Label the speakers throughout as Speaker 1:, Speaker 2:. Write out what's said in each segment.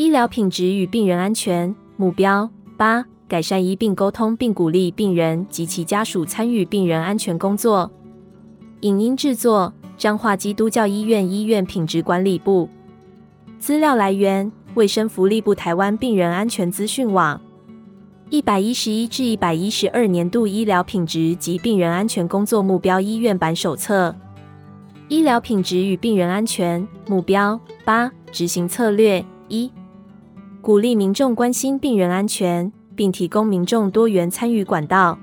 Speaker 1: 醫療品質與病人安全目標八：8, 改善醫病溝通，並鼓勵病人及其家屬參與病人安全工作。影音制作：彰化基督教醫院醫院品質管理部。資料來源：衛生福利部台灣病人安全資訊網。一百一十一至一百一十二年度醫療品質及病人安全工作目標醫院版手冊。醫療品質與病人安全目標八：8, 執行策略一。1, 鼓勵民眾關心病人安全，並提供民眾多元參與管道。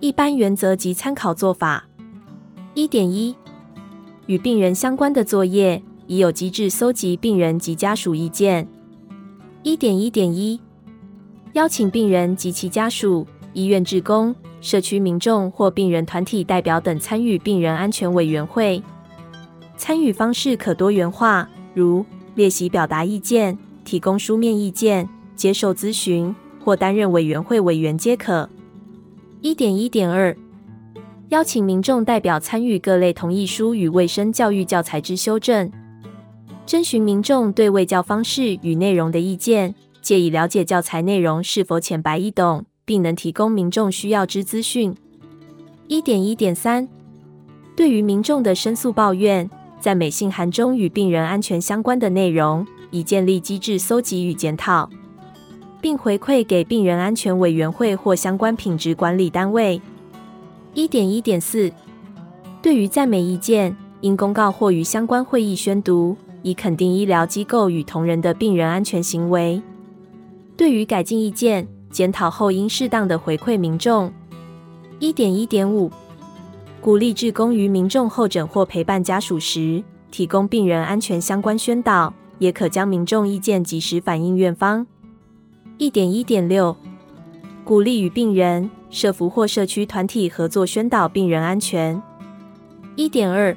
Speaker 1: 一般原則及參考做法：一點一，與病人相關的作業已有機制蒐集病人及家屬意見。一點一點一，邀請病人及其家屬、醫院志工、社區民眾或病人團體代表等參與病人安全委員會。參與方式可多元化，如列席、表達意見。提供書面意見、接受諮詢或擔任委員會委員皆可。一點一點二，邀請民眾代表參與各類同意書與衛生教育教材之修正，徵詢民眾對衛教方式與內容的意見，借以了解教材內容是否淺白易懂，並能提供民眾需要之資訊。一點一點三，對於民眾的申訴、抱怨，在美信函中與病人安全相關的內容。以建立機制，蒐集與檢討，並回饋給病人安全委員會或相關品質管理單位。一點一點四，對於讚美意見，應公告或於相關會議宣讀，以肯定醫療機構與同仁的病人安全行為；對於改進意見，檢討後應適當的回饋民眾。一點一點五，鼓勵志工於民眾候診或陪伴家屬時，提供病人安全相關宣導。也可將民眾意見及時反映院方。一點一點六，鼓勵與病人、社福或社區團體合作宣導病人安全。一點二，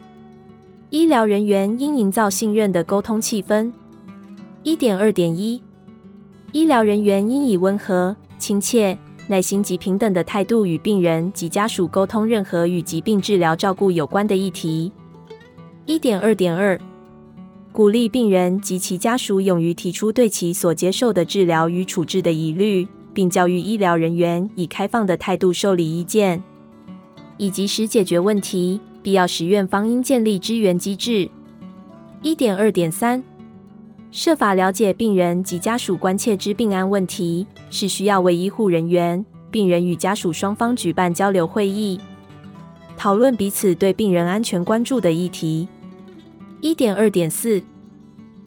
Speaker 1: 醫療人員應營造信任的溝通氣氛。一點二點一，醫療人員應以溫和、親切、耐心及平等的態度與病人及家屬溝通任何與疾病治療照顧有關的議題。一點二點二。鼓勵病人及其家屬勇於提出對其所接受的治療與處置的疑慮，並教育醫療人員以開放的態度受理意見，以及時解決問題。必要時，院方應建立支援機制。一點二點三，設法了解病人及家屬關切之病安問題，是需要為醫護人員、病人與家屬雙方舉辦交流會議，討論彼此對病人安全關注的議題。一點二點四，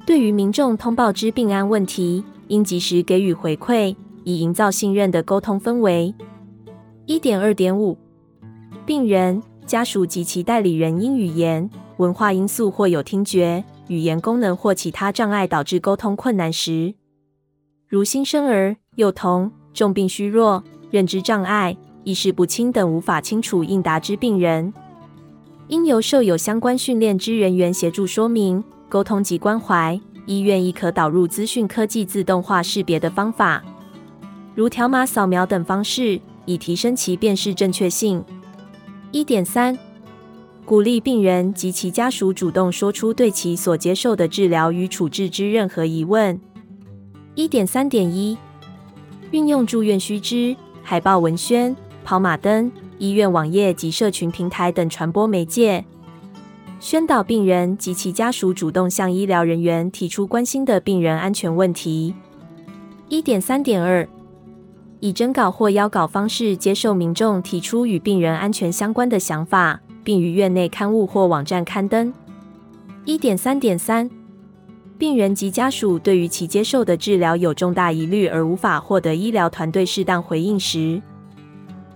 Speaker 1: 對於民眾通報之病安問題，應及時給予回饋，以營造信任的溝通氛圍。一點二點五，病人家屬及其代理人因語言、文化因素或有聽覺、語言功能或其他障礙導致溝通困難時，如新生兒、幼童、重病虛弱、認知障礙、意識不清等無法清楚應答之病人。應由受有相關訓練之人員協助說明、溝通及關懷。醫院亦可導入資訊科技自動化識別的方法，如條碼掃描等方式，以提升其辨識正確性。一點三，鼓勵病人及其家屬主動說出對其所接受的治療與處置之任何疑問。一點三點一，運用住院須知、海報文宣、跑馬燈。醫院網頁及社群平台等傳播媒介，宣導病人及其家屬主動向醫療人員提出關心的病人安全問題。一點三點二，以徵稿或邀稿方式接受民眾提出與病人安全相關的想法，並於院內刊物或網站刊登。一點三點三，病人及家屬對於其接受的治療有重大疑慮而無法獲得醫療團隊適當回應時。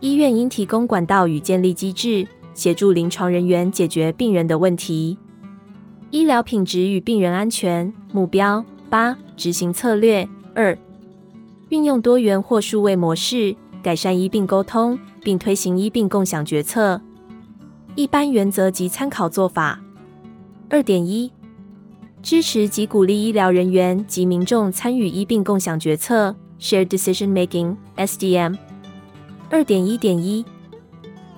Speaker 1: 醫院應提供管道與建立機製，協助臨床人員解決病人的問題。醫療品質與病人安全目標八執行策略二，2, 運用多元或數位模式，改善醫病溝通，並推行醫病共享決策。一般原則及參考做法二點一，1, 支持及鼓勵醫療人員及民眾參與醫病共享決策 （Shared Decision Making, SDM）。二點一點一，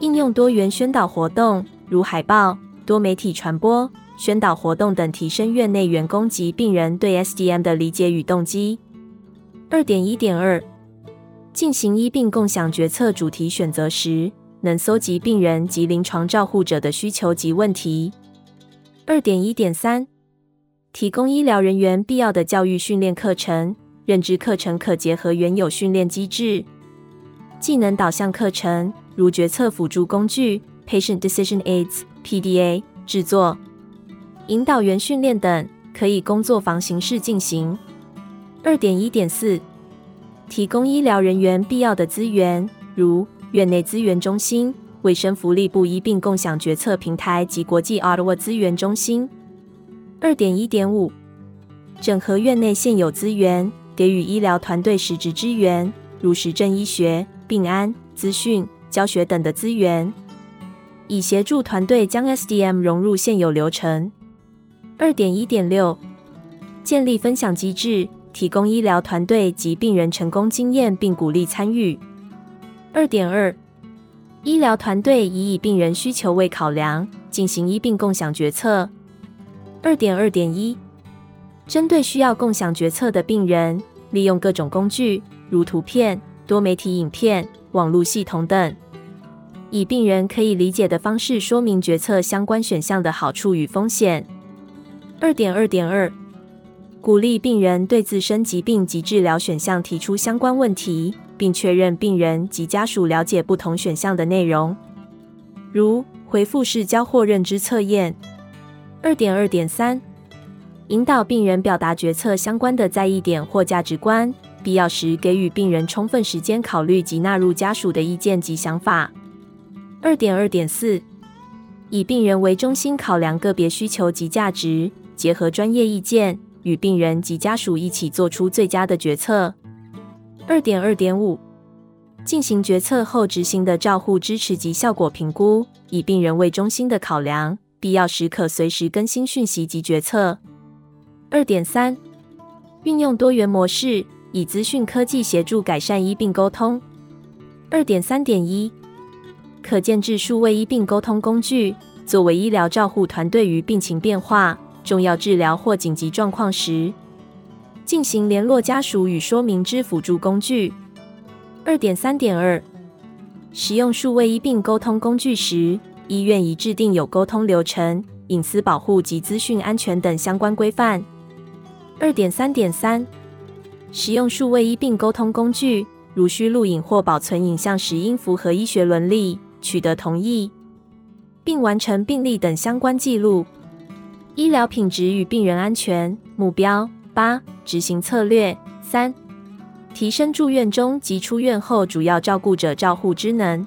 Speaker 1: 應用多元宣導活動，如海報、多媒體傳播、宣導活動等，提升院內員工及病人對 SDM 的理解與動機。二點一點二，進行醫病共享決策主題選擇時，能蒐集病人及臨床照護者的需求及問題。二點一點三，提供醫療人員必要的教育訓練課程，認知課程可結合原有訓練機制。技能導向課程，如決策輔助工具 （Patient Decision Aids, PDA） 製作、引導員訓練等，可以工作坊形式進行。二點一點四，提供醫療人員必要的資源，如院內資源中心、衛生福利部醫病共享決策平台及國際 Ottawa 資源中心。二點一點五，整合院內現有資源，給予醫療團隊實質支援，如實證醫學。病安、資訊、教學等的資源，以協助團隊將 SDM 融入現有流程。二點一點六，建立分享機制，提供醫療團隊及病人成功經驗，並鼓勵參與。二點二，醫療團隊以以病人需求為考量，進行醫病共享決策。二點二點一，針對需要共享決策的病人，利用各種工具，如圖片。多媒體影片、網絡系統等，以病人可以理解的方式說明決策相關選項的好處與風險。二點二點二，鼓勵病人對自身疾病及治療選項提出相關問題，並確認病人及家屬了解不同選項的內容，如回覆式交互認知測驗。二點二點三，引導病人表達決策相關的在意點或價值觀。必要時給予病人充分時間考慮及納入家屬的意見及想法。二點二點四，以病人為中心考量個別需求及價值，結合專業意見，與病人及家屬一起做出最佳的決策。二點二點五，進行決策後執行的照護支持及效果評估，以病人為中心的考量，必要時可隨時更新訊息及決策。二點三，運用多元模式。以資訊科技協助改善醫病溝通。二點三點一，可建置數位醫病溝通工具，作為醫療照護團隊於病情變化、重要治療或緊急狀況時，進行聯絡家屬與說明之輔助工具。二點三點二，使用數位醫病溝通工具時，醫院已制定有溝通流程、隱私保護及資訊安全等相關規範。二點三點三。使用數位醫病溝通工具，如需錄影或保存影像時，應符合醫學倫理，取得同意，並完成病歷等相關記錄。醫療品質與病人安全目標八：8，執行策略三：3，提升住院中及出院後主要照顧者照護知能。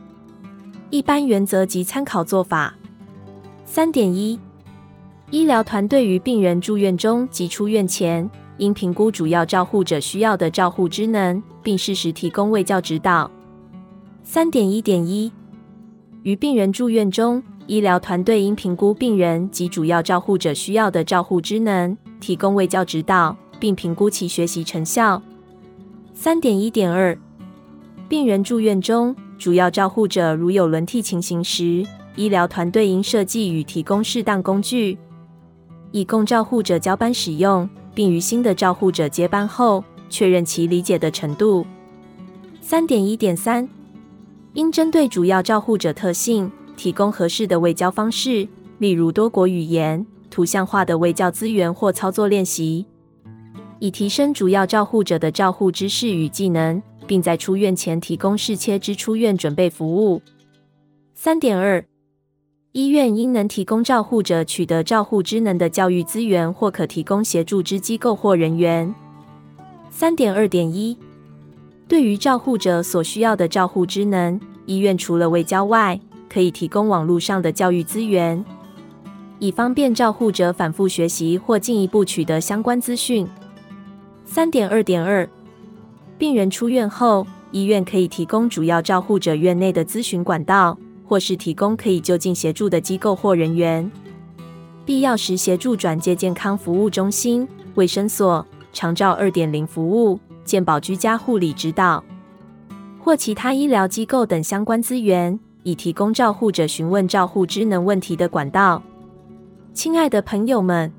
Speaker 1: 一般原則及參考做法三點一：1，醫療團隊於病人住院中及出院前。應評估主要照護者需要的照護知能，並適時提供衛教指導。三點一點一，於病人住院中，醫療團隊應評估病人及主要照護者需要的照護知能，提供衛教指導，並評估其學習成效。三點一點二，病人住院中，主要照護者如有輪替情形時，醫療團隊應設計與提供適當工具，以供照護者交班使用。並於新的照護者接班後，確認其理解的程度。三點一點三，應針對主要照護者特性，提供合適的衛教方式，例如多國語言、圖像化的衛教資源或操作練習，以提升主要照護者的照護知識與技能，並在出院前提供適切之出院準備服務。三點二。醫院應能提供照護者取得照護知能的教育資源，或可提供協助之機構或人員。三點二點一，對於照護者所需要的照護知能，醫院除了衛教外，可以提供網絡上的教育資源，以方便照護者反覆學習或進一步取得相關資訊。三點二點二，病人出院後，醫院可以提供主要照護者院內的諮詢管道。或是提供可以就近協助的機構或人員，必要時協助轉介健康服務中心、衛生所、長照二點零服務、健保居家護理指導或其他醫療機構等相關資源，以提供照護者詢問照護知能問題的管道。親愛的朋友們，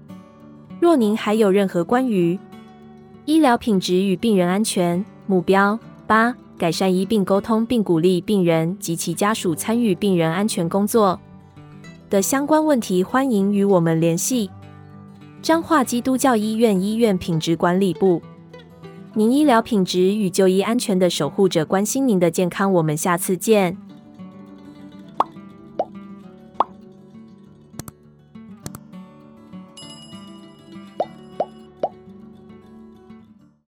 Speaker 1: 若您還有任何關於醫療品質與病人安全目標八。8改善醫病溝通，並鼓勵病人及其家屬參與病人安全工作的相關問題，歡迎與我們聯繫。彰化基督教醫院醫院品質管理部，您醫療品質與就醫安全的守護者，關心您的健康。我們下次見。